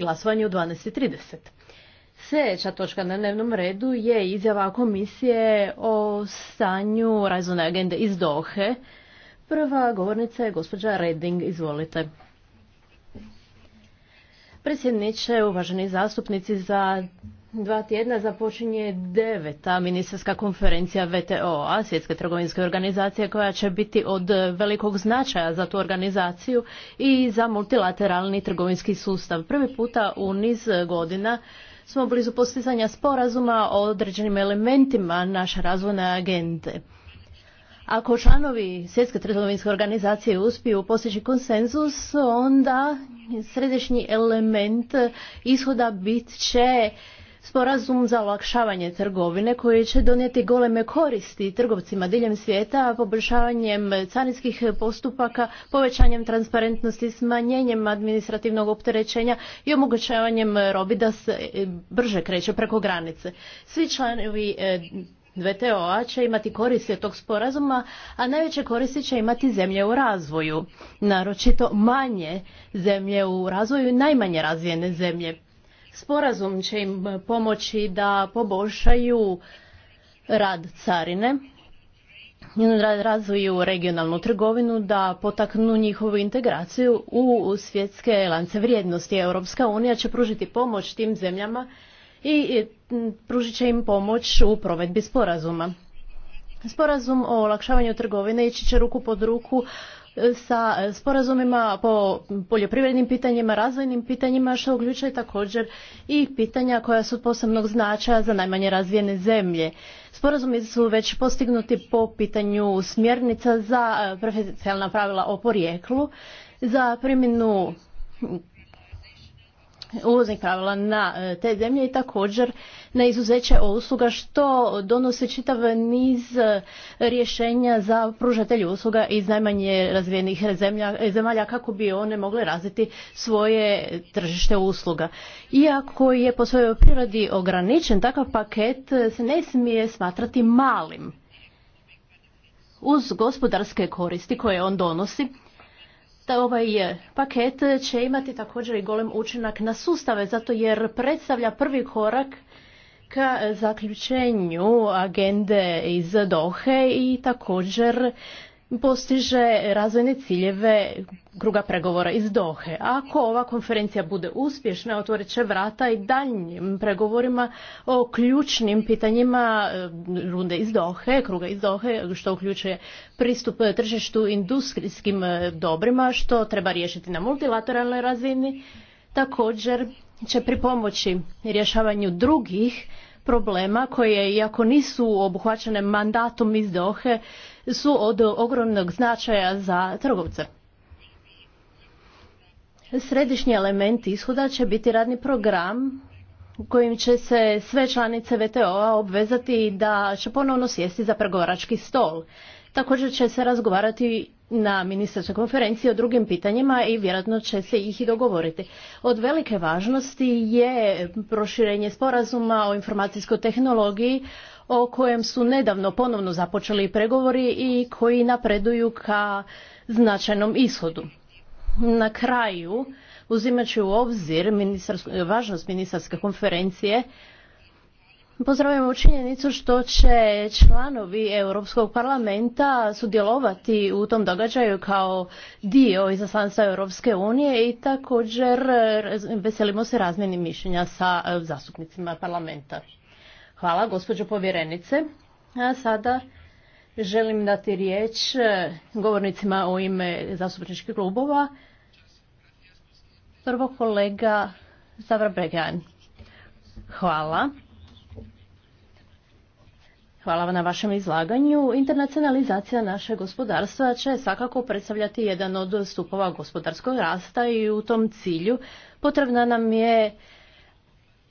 glasovanje u 12.30. Sljedeća točka na dnevnom redu je izjava komisije o stanju razvojne agende iz Dohe. Prva govornica je gospođa Reding, izvolite. Predsjedniče, uvaženi zastupnici, za dva tjedna započinje deveta ministarska konferencija VTO-a, Svjetske trgovinske organizacije, koja će biti od velikog značaja za tu organizaciju i za multilateralni trgovinski sustav. Prvi puta u niz godina smo blizu postizanja sporazuma o određenim elementima naše razvojne agende. Ako članovi Svjetske trgovinske organizacije uspiju postići konsenzus, onda središnji element ishoda bit će sporazum za olakšavanje trgovine koji će donijeti goleme koristi trgovcima diljem svijeta poboljšavanjem carinskih postupaka, povećanjem transparentnosti, smanjenjem administrativnog opterećenja i omogućavanjem robi da se brže kreće preko granice. Svi članovi e, wto a će imati koristi od tog sporazuma, a najveće koristi će imati zemlje u razvoju, naročito manje zemlje u razvoju i najmanje razvijene zemlje. Sporazum će im e, pomoći da poboljšaju rad carine, razvoju razviju regionalnu trgovinu, da potaknu njihovu integraciju u svjetske lance vrijednosti. Europska unija će pružiti pomoć tim zemljama i pružit će im pomoć u provedbi sporazuma. Sporazum o olakšavanju trgovine ići će ruku pod ruku sa e, sporazumima po poljoprivrednim pitanjima, razvojnim pitanjima, što uključuje također i pitanja koja su posebnog značaja za najmanje razvijene zemlje. Sporazumi su već postignuti po pitanju smjernica za e, preferencijalna pravila o porijeklu, za primjenu uvoznih pravila na e, te zemlje i također na izuzeće usluga što donosi čitav niz e, rješenja za pružatelje usluga iz najmanje razvijenih e, zemalja kako bi one mogle razviti svoje tržište usluga. Iako je po svojoj prirodi ograničen, takav paket se ne smije smatrati malim. Uz gospodarske koristi koje on donosi, da ovaj eh, paket će imati također i golem učinak na sustave, zato jer predstavlja prvi korak ka eh, zaključenju agende iz Dohe i također postiže razvojne ciljeve kruga pregovora iz Dohe. Ako ova konferencija bude uspješna, otvorit će vrata i daljnjim pregovorima o ključnim pitanjima eh, runde iz Dohe, kruga iz Dohe, što uključuje pristup tržištu industrijskim eh, dobrima, što treba riješiti na multilateralnoj razini. Također će pripomoći rješavanju drugih problema koje, iako nisu obuhvaćene mandatom iz Dohe, su od ogromnog značaja za trgovce. Središnji element ishoda će biti radni program kojim će se sve članice VTO-a obvezati da će ponovno sjesti za pregovarački stol. Također će se razgovarati na ministarskoj konferenciji o drugim pitanjima i vjerojatno će se ih i dogovoriti. Od velike važnosti je proširenje sporazuma o informacijskoj tehnologiji o kojem su nedavno ponovno započeli pregovori i koji napreduju ka značajnom ishodu. Na kraju, uzimajući u obzir važnost ministarske konferencije, Pozdravljamo činjenicu što će članovi Europskog parlamenta sudjelovati u tom događaju kao dio izaslanstva Europske unije i također veselimo se razmjeni mišljenja sa zastupnicima parlamenta. Hvala, gospođo povjerenice. A sada želim dati riječ e, govornicima u ime zastupničkih klubova. Prvo kolega Zavra Bregan. Hvala. Hvala vam na vašem izlaganju. Internacionalizacija našeg gospodarstva će svakako predstavljati jedan od stupova gospodarskog rasta i u tom cilju potrebna nam je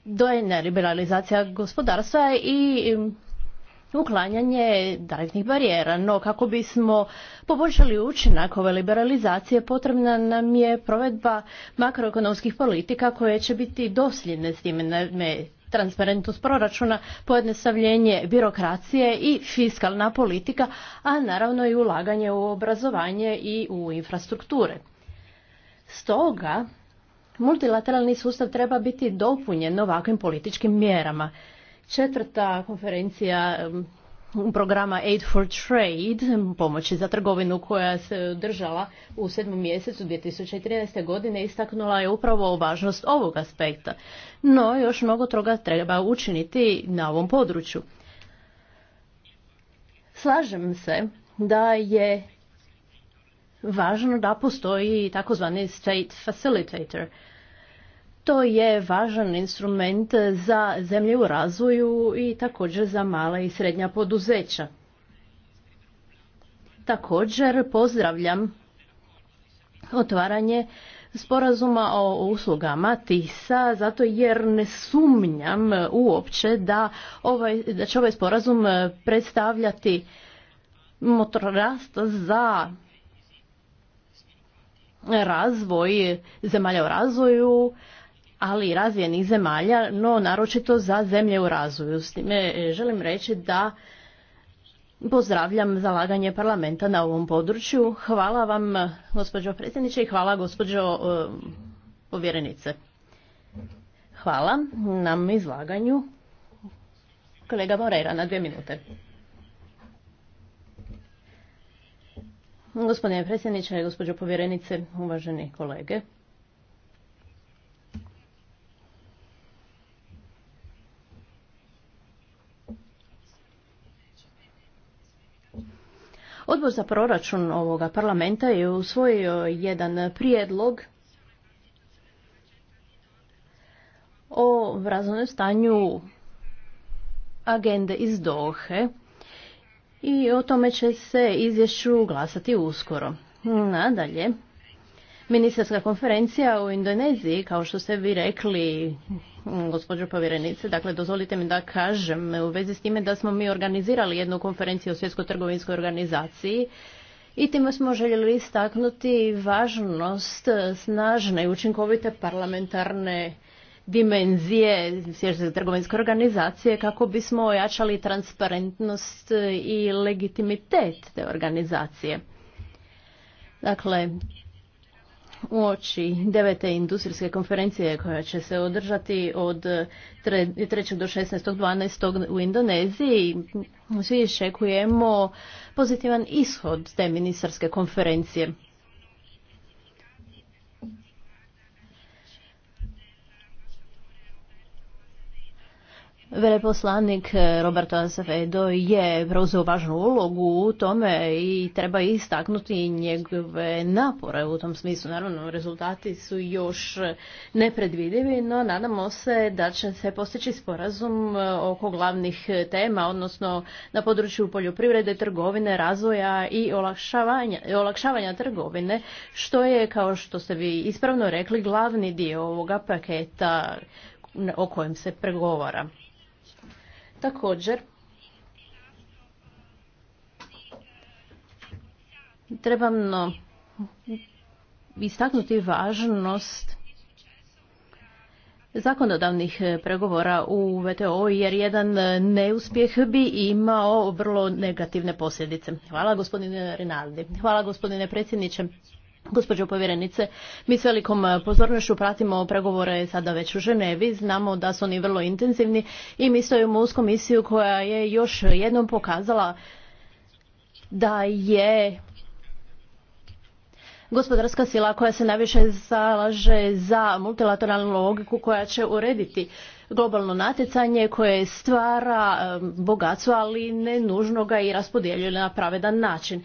dojena liberalizacija gospodarstva i uklanjanje direktnih barijera. No kako bismo poboljšali učinak ove liberalizacije potrebna nam je provedba makroekonomskih politika koje će biti dosljedne s time naime transparentnost proračuna, pojednostavljenje birokracije i fiskalna politika, a naravno i ulaganje u obrazovanje i u infrastrukture. Stoga Multilateralni sustav treba biti dopunjen ovakvim političkim mjerama. Četvrta konferencija programa Aid for Trade, pomoći za trgovinu koja se držala u sedmom mjesecu 2013. godine, istaknula je upravo važnost ovog aspekta. No, još mnogo toga treba učiniti na ovom području. Slažem se da je važno da postoji takozvani state facilitator. To je važan instrument za zemlje u razvoju i također za mala i srednja poduzeća. Također pozdravljam otvaranje sporazuma o uslugama TISA zato jer ne sumnjam uopće da, ovaj, će ovaj sporazum predstavljati motor za razvoj zemalja u razvoju, ali i razvijenih zemalja, no naročito za zemlje u razvoju. S time e, želim reći da pozdravljam zalaganje parlamenta na ovom području. Hvala vam, gospođo predsjedniče, i hvala, gospođo e, povjerenice. Hvala na izlaganju. Kolega Morera, na dvije minute. Gospodine predsjedniče, gospođo povjerenice, uvaženi kolege. Odbor za proračun ovoga parlamenta je usvojio jedan prijedlog o razvojnom stanju agende iz Dohe i o tome će se izvješću glasati uskoro. Nadalje, ministarska konferencija u Indoneziji, kao što ste vi rekli, gospođo povjerenice, dakle dozvolite mi da kažem u vezi s time da smo mi organizirali jednu konferenciju o svjetskoj trgovinskoj organizaciji i time smo željeli istaknuti važnost snažne i učinkovite parlamentarne dimenzije svjetske trgovinske organizacije kako bismo ojačali transparentnost i legitimitet te organizacije. Dakle, u oči devete industrijske konferencije koja će se održati od 3. do 16.12. u Indoneziji. Svi iščekujemo pozitivan ishod te ministarske konferencije. Veleposlanik eh, Roberto Acevedo je preuzeo važnu ulogu u tome i treba istaknuti njegove napore u tom smislu. Naravno, rezultati su još nepredvidivi, no nadamo se da će se postići sporazum eh, oko glavnih eh, tema, odnosno na području poljoprivrede, trgovine, razvoja i olakšavanja, olakšavanja trgovine, što je, kao što ste vi ispravno rekli, glavni dio ovoga paketa o kojem se pregovara. Također, trebamo istaknuti važnost zakonodavnih pregovora u VTO jer jedan neuspjeh bi imao vrlo negativne posljedice. Hvala gospodine Rinaldi. Hvala gospodine predsjedniče. Gospođo povjerenice, mi s velikom e, pozornošću pratimo pregovore sada već u Ženevi, znamo da su oni vrlo intenzivni i mi stojimo uz komisiju koja je još jednom pokazala da je gospodarska sila koja se najviše zalaže za multilateralnu logiku koja će urediti globalno natjecanje koje stvara e, bogatstvo, ali ne nužno ga i raspodjeljuje na pravedan način.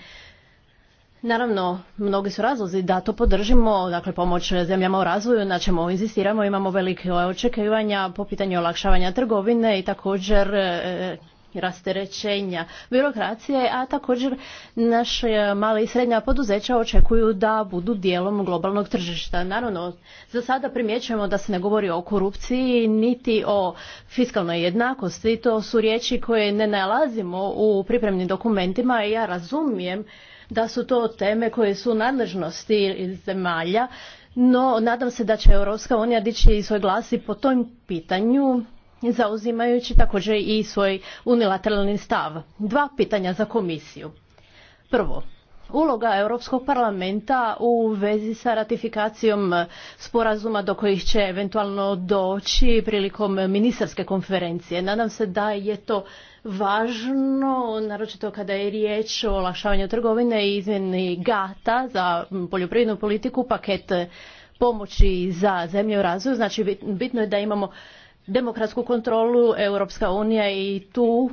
Naravno, mnogi su razlozi da to podržimo, dakle pomoć zemljama u razvoju, na čemu insistiramo, imamo velike očekivanja po pitanju olakšavanja trgovine i također e, e, rasterećenja birokracije, a također naše male i srednja poduzeća očekuju da budu dijelom globalnog tržišta. Naravno, za sada primjećujemo da se ne govori o korupciji niti o fiskalnoj jednakosti. To su riječi koje ne nalazimo u pripremnim dokumentima i ja razumijem da su to teme koje su nadležnosti zemalja, no nadam se da će Europska unija dići i svoj glas i po tom pitanju zauzimajući također i svoj unilateralni stav. Dva pitanja za komisiju. Prvo, uloga Europskog parlamenta u vezi sa ratifikacijom sporazuma do kojih će eventualno doći prilikom ministarske konferencije. Nadam se da je to važno, naročito kada je riječ o olakšavanju trgovine i izmjeni gata za poljoprivrednu politiku, paket pomoći za zemlje u razvoju. Znači bitno je da imamo demokratsku kontrolu Europska unija i tu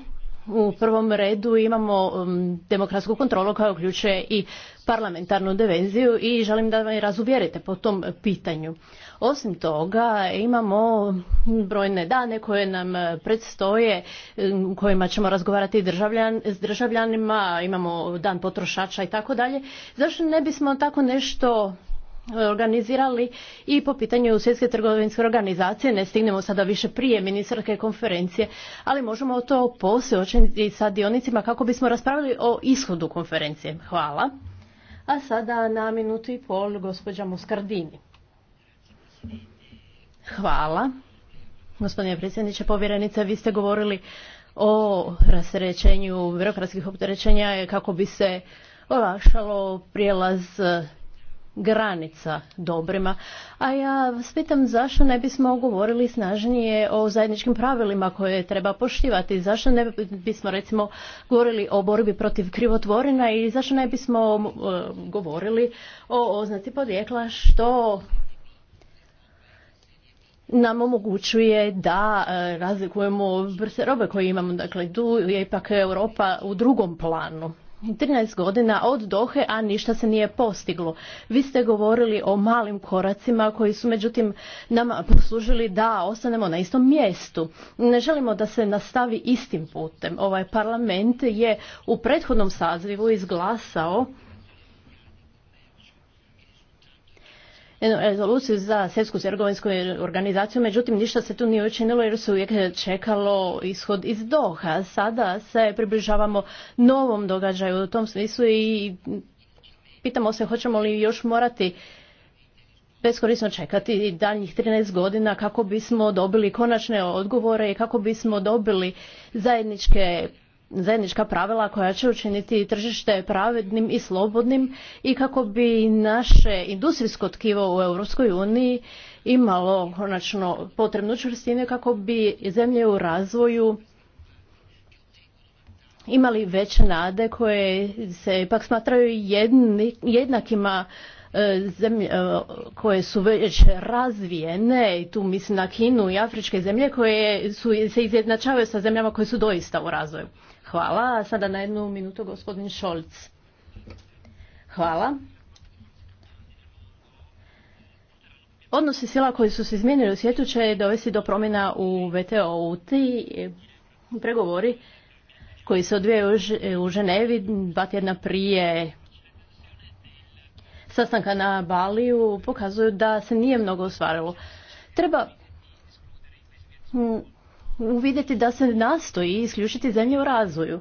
u prvom redu imamo um, demokratsku kontrolu koja uključuje i parlamentarnu dimenziju i želim da me razuvjerite po tom pitanju. Osim toga imamo brojne dane koje nam e, predstoje um, u kojima ćemo razgovarati s državljanima, imamo dan potrošača i tako dalje. Zašto ne bismo tako nešto organizirali i po pitanju svjetske trgovinske organizacije ne stignemo sada više prije ministarske konferencije ali možemo to poslije očiniti sa dionicima kako bismo raspravili o ishodu konferencije hvala a sada na minutu i pol gospođa Muskardini hvala gospodine predsjedniče povjerenice vi ste govorili o rasterećenju birokratskih opterećenja kako bi se olakšalo prijelaz granica dobrima. A ja vas pitam zašto ne bismo govorili snažnije o zajedničkim pravilima koje treba poštivati, zašto ne bismo recimo govorili o borbi protiv krivotvorina i zašto ne bismo um, govorili o oznaci podjekla što nam omogućuje da e, razlikujemo vrste robe koje imamo. Dakle, tu je ipak Europa u drugom planu. 13 godina od Dohe, a ništa se nije postiglo. Vi ste govorili o malim koracima koji su međutim nama poslužili da ostanemo na istom mjestu. Ne želimo da se nastavi istim putem. Ovaj parlament je u prethodnom sazivu izglasao rezoluciju za Svjetsku trgovinsku organizaciju, međutim ništa se tu nije učinilo jer se uvijek čekalo ishod iz Doha. Sada se približavamo novom događaju u tom smislu i pitamo se hoćemo li još morati beskorisno čekati daljnjih 13 godina kako bismo dobili konačne odgovore i kako bismo dobili zajedničke zajednička pravila koja će učiniti tržište pravednim i slobodnim i kako bi naše industrijsko tkivo u Europskoj uniji imalo konačno potrebnu čvrstinu kako bi zemlje u razvoju imali veće nade koje se ipak smatraju jednakima E, e, koje su već razvijene i tu mislim na Kinu i afričke zemlje koje su, se izjednačavaju sa zemljama koje su doista u razvoju. Hvala. Sada na jednu minutu gospodin Šolc. Hvala. Odnosi sila koji su se izmijenili u svijetu će dovesti do promjena u VTO-u. Ti pregovori koji se odvijaju u Ženevi dva tjedna prije sastanka na Baliju pokazuju da se nije mnogo ostvarilo. Treba mm, uvidjeti da se nastoji isključiti zemlje u razvoju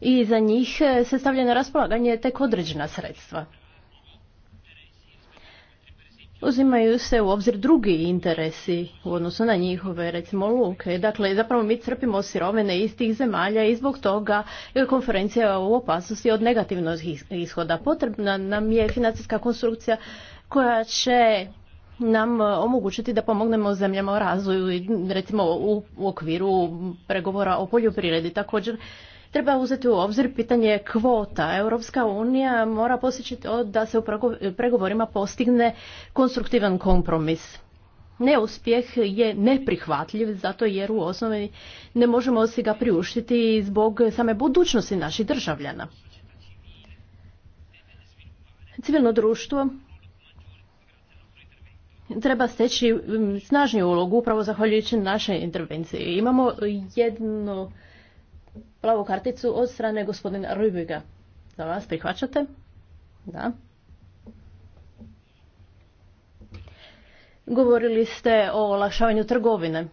i za njih se stavlja na raspolaganje tek određena sredstva uzimaju se u obzir drugi interesi u odnosu na njihove, recimo, luke. Dakle, zapravo mi crpimo sirovine iz tih zemalja i zbog toga je konferencija u opasnosti od negativnog ishoda. Potrebna nam je financijska konstrukcija koja će nam omogućiti da pomognemo zemljama u razvoju i recimo u, u okviru pregovora o poljoprivredi. Također, Treba uzeti u obzir pitanje kvota. Europska unija mora postići to da se u pregovorima postigne konstruktivan kompromis. Neuspjeh je neprihvatljiv zato jer u osnovi ne možemo si ga priuštiti zbog same budućnosti naših državljana. Civilno društvo treba steći mm, snažniju ulogu upravo zahvaljujući našoj intervenciji. Imamo jednu plavu karticu od strane gospodina Rubiga. Da vas prihvaćate? Da. Govorili ste o olakšavanju trgovine.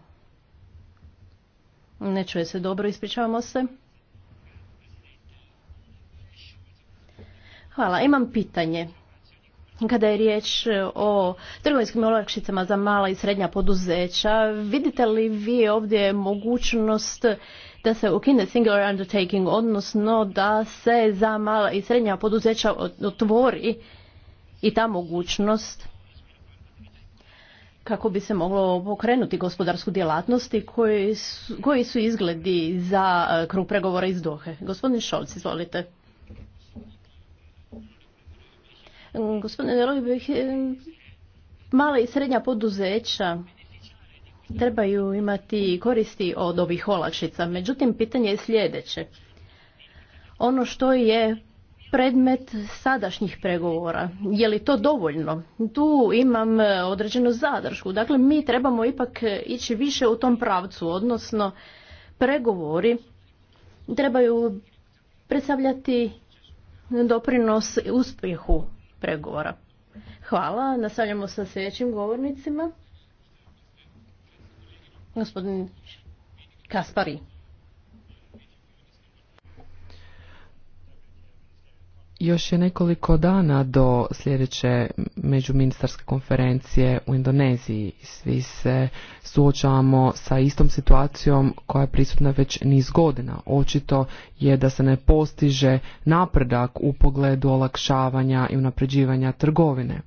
Ne čuje se dobro, ispričavamo se. Hvala, imam pitanje. Kada je riječ o trgovinskim olakšicama za mala i srednja poduzeća, vidite li vi ovdje mogućnost da se ukine singular undertaking, odnosno da se za mala i srednja poduzeća otvori i ta mogućnost kako bi se moglo pokrenuti gospodarsku djelatnost i koji su, izgledi za e, krug pregovora iz Dohe. Gospodin Šolc, izvolite. Gospodine Rojbih, e, mala i srednja poduzeća trebaju imati koristi od ovih olakšica. Međutim, pitanje je sljedeće. Ono što je predmet sadašnjih pregovora. Je li to dovoljno? Tu imam e, određenu zadršku. Dakle, mi trebamo ipak ići više u tom pravcu, odnosno pregovori trebaju predstavljati doprinos uspjehu pregovora. Hvala, nastavljamo sa sljedećim govornicima. Gospodin Kaspari. Još je nekoliko dana do sljedeće međuministarske konferencije u Indoneziji. Svi se suočavamo sa istom situacijom koja je prisutna već niz godina. Očito je da se ne postiže napredak u pogledu olakšavanja i unapređivanja trgovine.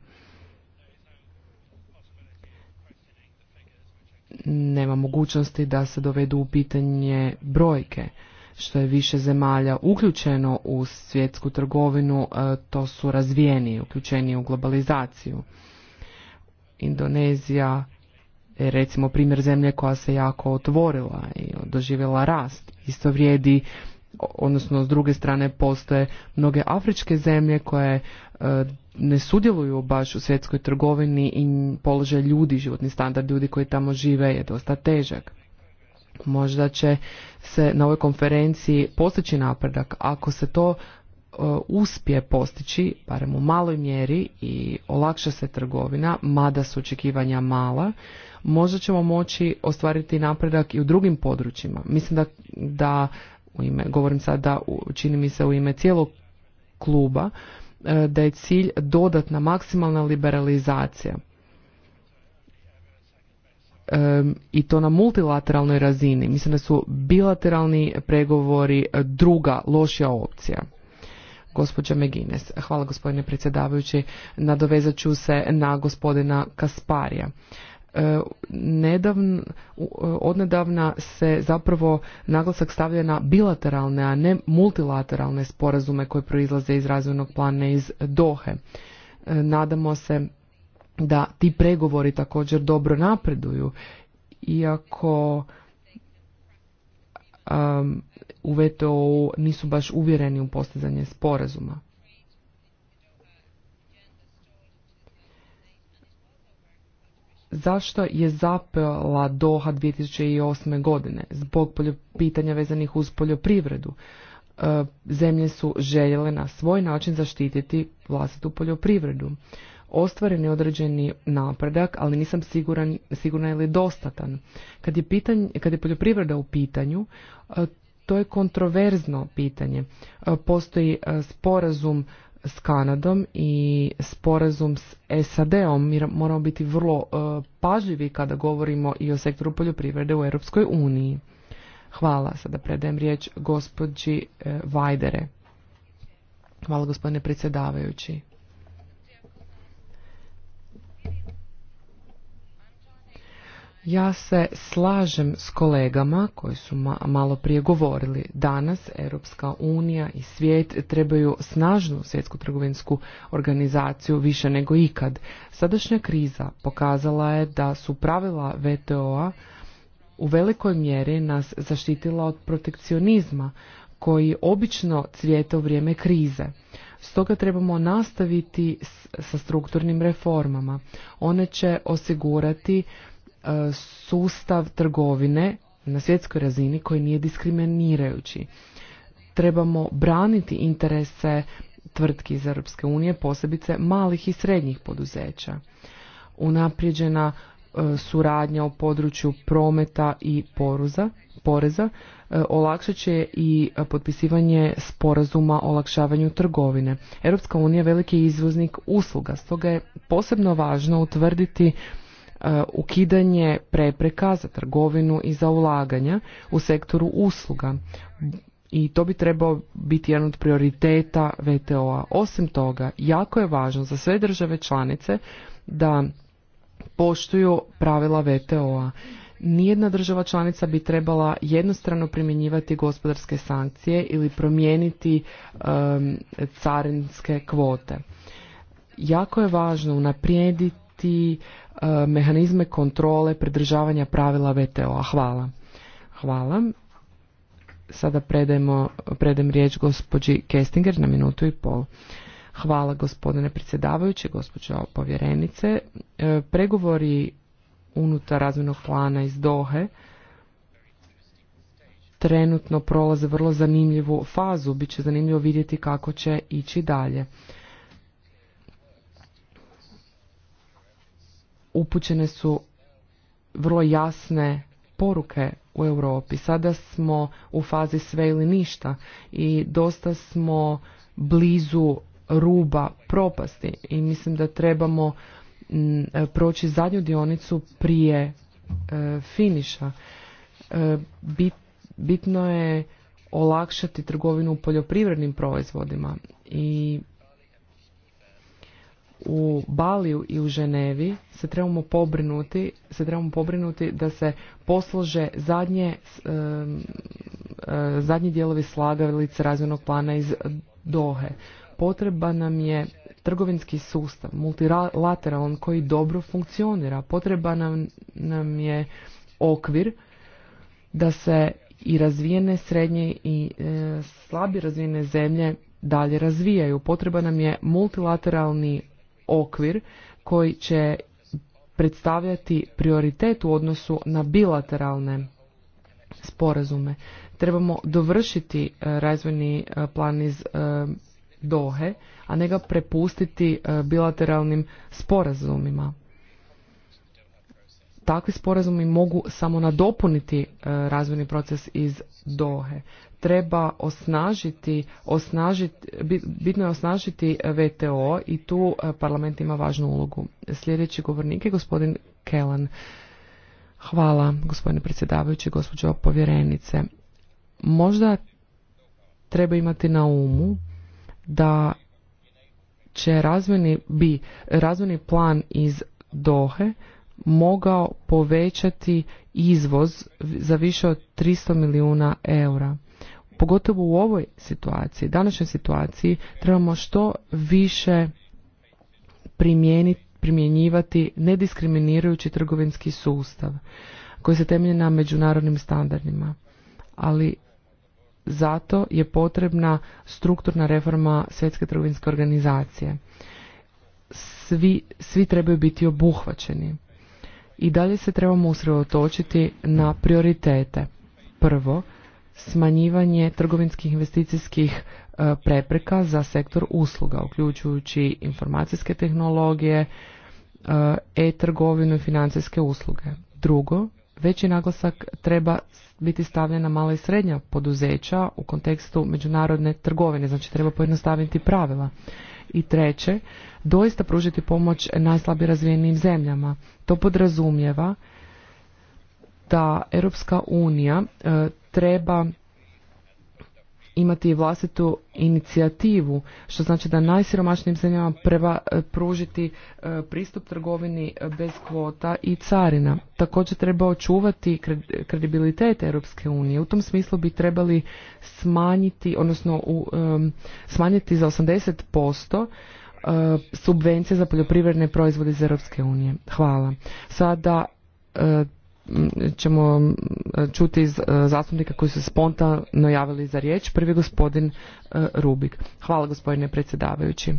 nema mogućnosti da se dovedu u pitanje brojke. Što je više zemalja uključeno u svjetsku trgovinu, e, to su razvijeni, uključeni u globalizaciju. Indonezija je recimo primjer zemlje koja se jako otvorila i doživjela rast. Isto vrijedi odnosno s druge strane postoje mnoge afričke zemlje koje e, ne sudjeluju baš u svjetskoj trgovini i položaj ljudi, životni standard ljudi koji tamo žive je dosta težak. Možda će se na ovoj konferenciji postići napredak ako se to e, uspije postići, barem u maloj mjeri i olakša se trgovina, mada su očekivanja mala, možda ćemo moći ostvariti napredak i u drugim područjima. Mislim da, da u ime, govorim sada, čini mi se u ime cijelog kluba, e, da je cilj dodatna maksimalna liberalizacija. E, I to na multilateralnoj razini. Mislim da su bilateralni pregovori e, druga lošija opcija. Gospođa Megines. Hvala gospodine predsjedavajući. Nadovezat ću se na gospodina Kasparija. E, nedavn, e, odnedavna se zapravo naglasak stavlja na bilateralne, a ne multilateralne sporazume koje proizlaze iz razvojnog plana iz Dohe. E, nadamo se da ti pregovori također dobro napreduju, iako um, u VTO nisu baš uvjereni u postizanje sporazuma. zašto je zapela Doha 2008. godine zbog pitanja vezanih uz poljoprivredu. E, zemlje su željele na svoj način zaštititi vlastitu poljoprivredu. Ostvaren je određeni napredak, ali nisam siguran, sigurna je li dostatan. Kad je, pitanj, kad je poljoprivreda u pitanju, e, to je kontroverzno pitanje. E, postoji sporazum s Kanadom i sporazum s SAD-om. Mi moramo biti vrlo e, pažljivi kada govorimo i o sektoru poljoprivrede u Europskoj uniji. Hvala. Sada predajem riječ gospođi e, Vajdere. Hvala gospodine predsjedavajući. Ja se slažem s kolegama koji su ma malo prije govorili. Danas Europska unija i svijet trebaju snažnu svjetsku trgovinsku organizaciju više nego ikad. Sadašnja kriza pokazala je da su pravila VTO-a u velikoj mjeri nas zaštitila od protekcionizma koji obično cvijete u vrijeme krize. Stoga trebamo nastaviti sa strukturnim reformama. One će osigurati E, sustav trgovine na svjetskoj razini koji nije diskriminirajući. Trebamo braniti interese tvrtki iz Europske unije, posebice malih i srednjih poduzeća. Unaprijeđena e, suradnja u području prometa i poruza, poreza e, olakšat će i potpisivanje sporazuma o olakšavanju trgovine. Europska unija je veliki izvoznik usluga, stoga je posebno važno utvrditi E, ukidanje prepreka za trgovinu i za ulaganja u sektoru usluga i to bi trebao biti jedan od prioriteta VTO-a. Osim toga, jako je važno za sve države članice da poštuju pravila VTO-a. Nijedna država članica bi trebala jednostrano primjenjivati gospodarske sankcije ili promijeniti carinske kvote. Jako je važno unaprijediti i e, mehanizme kontrole pridržavanja pravila VTO-a. Hvala. Hvala. Sada predajemo, predajem riječ gospođi Kestinger na minutu i pol. Hvala gospodine predsjedavajući, gospođo povjerenice. E, pregovori unutar razvojnog plana iz Dohe trenutno prolaze vrlo zanimljivu fazu. Biće zanimljivo vidjeti kako će ići dalje. upućene su vrlo jasne poruke u Europi. Sada smo u fazi sve ili ništa i dosta smo blizu ruba propasti i mislim da trebamo mm, proći zadnju dionicu prije e, finiša. E, bitno je olakšati trgovinu u poljoprivrednim proizvodima i u Baliju i u Ženevi se trebamo pobrinuti, se trebamo pobrinuti da se poslože zadnje, e, zadnji dijelovi slagalice razvojnog plana iz Dohe. Potreba nam je trgovinski sustav, multilateralan koji dobro funkcionira. Potreba nam, je okvir da se i razvijene srednje i e, slabi razvijene zemlje dalje razvijaju. Potreba nam je multilateralni okvir koji će predstavljati prioritet u odnosu na bilateralne sporazume. Trebamo dovršiti e, razvojni e, plan iz e, Dohe, a ne ga prepustiti bilateralnim sporazumima. Takvi sporazumi mogu samo nadopuniti razvojni proces iz Dohe treba osnažiti, osnažiti, bitno je osnažiti VTO i tu eh, parlament ima važnu ulogu. Sljedeći govornik je gospodin Kelan. Hvala, gospodine predsjedavajući, gospođo povjerenice. Možda treba imati na umu da će razvojni, bi plan iz Dohe mogao povećati izvoz za više od 300 milijuna eura pogotovo u ovoj situaciji, današnjoj situaciji, trebamo što više primjenjivati nediskriminirajući trgovinski sustav koji se temelji na međunarodnim standardima. Ali zato je potrebna strukturna reforma Svjetske trgovinske organizacije. Svi, svi trebaju biti obuhvaćeni. I dalje se trebamo usredotočiti na prioritete. Prvo, smanjivanje trgovinskih investicijskih e, prepreka za sektor usluga, uključujući informacijske tehnologije, e, e-trgovinu i financijske usluge. Drugo, veći naglasak treba biti stavljen na mala i srednja poduzeća u kontekstu međunarodne trgovine, znači treba pojednostaviti pravila. I treće, doista pružiti pomoć najslabije razvijenim zemljama. To podrazumijeva da Europska unija e, treba imati vlastitu inicijativu, što znači da najsiromašnijim zemljama treba e, pružiti e, pristup trgovini e, bez kvota i carina. Također treba očuvati kredibilitet Europske unije. U tom smislu bi trebali smanjiti, odnosno smanjiti za 80% subvencije za poljoprivredne proizvode iz Europske unije. Hvala. Sada ćemo čuti iz e, zastupnika koji su spontano javili za riječ. Prvi gospodin e, Rubik. Hvala gospodine predsjedavajući.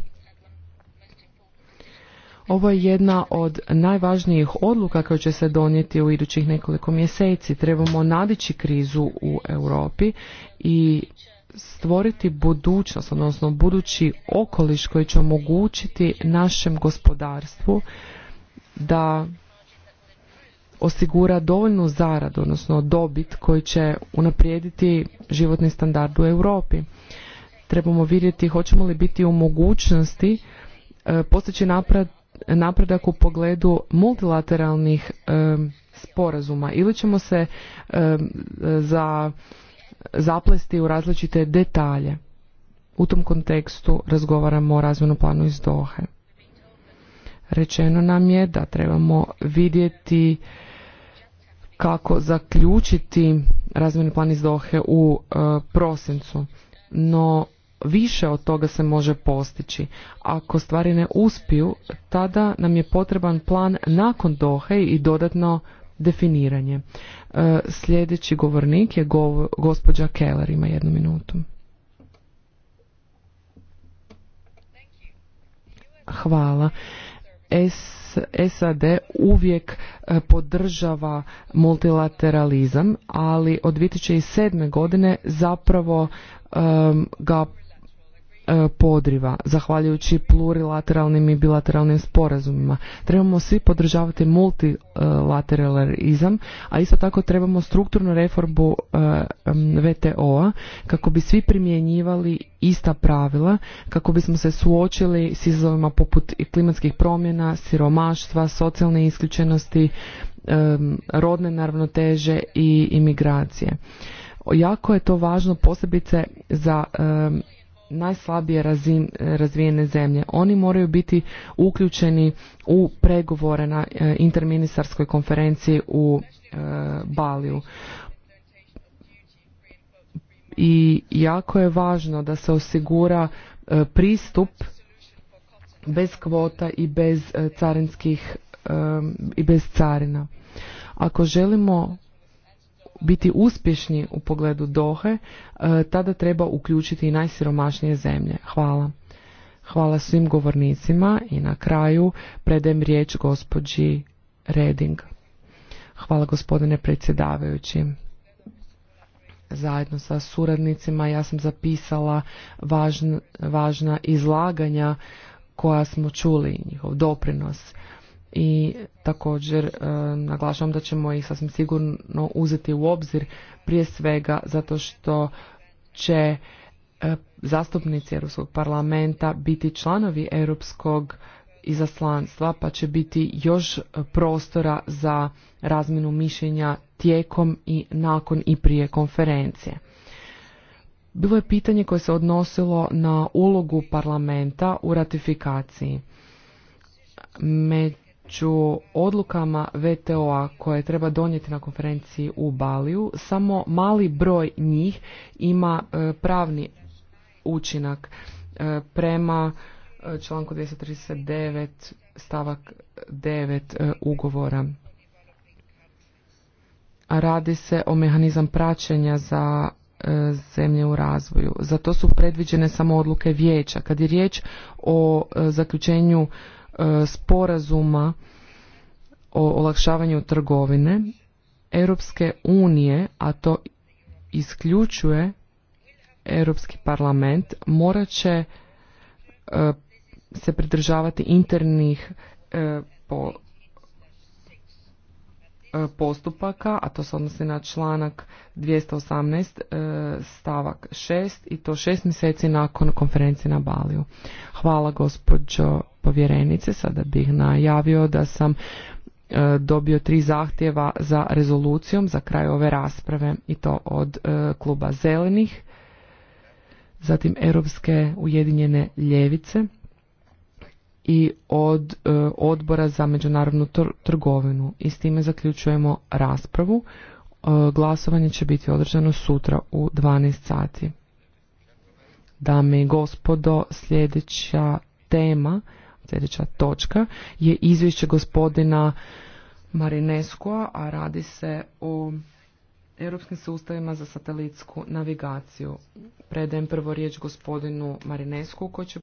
Ovo je jedna od najvažnijih odluka koja će se donijeti u idućih nekoliko mjeseci. Trebamo nadići krizu u Europi i stvoriti budućnost, odnosno budući okoliš koji će omogućiti našem gospodarstvu da osigura dovoljnu zaradu, odnosno dobit koji će unaprijediti životni standard u Europi. Trebamo vidjeti hoćemo li biti u mogućnosti e, postići napredak u pogledu multilateralnih e, sporazuma ili ćemo se e, za zaplesti u različite detalje. U tom kontekstu razgovaramo o razvojnom planu iz Dohe. Rečeno nam je da trebamo vidjeti kako zaključiti razvojni plan iz Dohe u e, prosincu, no više od toga se može postići. Ako stvari ne uspiju, tada nam je potreban plan nakon Dohe i dodatno definiranje. E, sljedeći govornik je gospođa Keller, ima jednu minutu. Hvala. SAD uvijek e, podržava multilateralizam, ali od 2007. godine zapravo ga E, podriva zahvaljujući plurilateralnim i bilateralnim sporazumima. Trebamo svi podržavati multilateralizam, a isto tako trebamo strukturnu reformu e, VTO-a kako bi svi primjenjivali ista pravila, kako bismo se suočili s izazovima poput klimatskih promjena, siromaštva, socijalne isključenosti, e, rodne naravnoteže i imigracije. Jako je to važno posebice za najslabije razvijene zemlje. Oni moraju biti uključeni u pregovore na e, interministarskoj konferenciji u e, Baliju. I jako je važno da se osigura e, pristup bez kvota i bez carinskih i bez carina. Ako želimo biti uspješni u pogledu Dohe, e, tada treba uključiti i najsiromašnije zemlje. Hvala. Hvala svim govornicima i na kraju predajem riječ gospođi Reding. Hvala gospodine predsjedavajući. Zajedno sa suradnicima ja sam zapisala važna izlaganja koja smo čuli, njihov doprinos i također e, naglašavam da ćemo ih sasvim sigurno uzeti u obzir prije svega zato što će e, zastupnici Europskog parlamenta biti članovi Europskog izaslanstva pa će biti još prostora za razmjenu mišljenja tijekom i nakon i prije konferencije. Bilo je pitanje koje se odnosilo na ulogu parlamenta u ratifikaciji. Među ću odlukama VTO-a koje treba donijeti na konferenciji u Baliju, samo mali broj njih ima e, pravni učinak e, prema e, članku 239 stavak 9 ugovora. Radi se o mehanizam praćenja za zemlje u razvoju. Za to su predviđene samo odluke vijeća. Kad je riječ o zaključenju sporazuma o olakšavanju trgovine Europske unije, a to isključuje Europski parlament, morat će e, se pridržavati internih e, e, postupaka, a to se odnosi na članak 218 stavak 6 i to šest mjeseci nakon konferencije na Baliju. Hvala gospođo povjerenice, sada bih najavio da sam e, dobio tri zahtjeva za rezolucijom za kraj ove rasprave i to od e, kluba zelenih, zatim Europske ujedinjene ljevice i od e, odbora za međunarodnu trgovinu. I s time zaključujemo raspravu. Glasovanje će biti održano sutra u 12 sati. Dame i gospodo, sljedeća tema Sljedeća točka je izvješće gospodina Marineskoa, a radi se o europskim sustavima za satelitsku navigaciju. Predajem prvo riječ gospodinu Marinesku koji će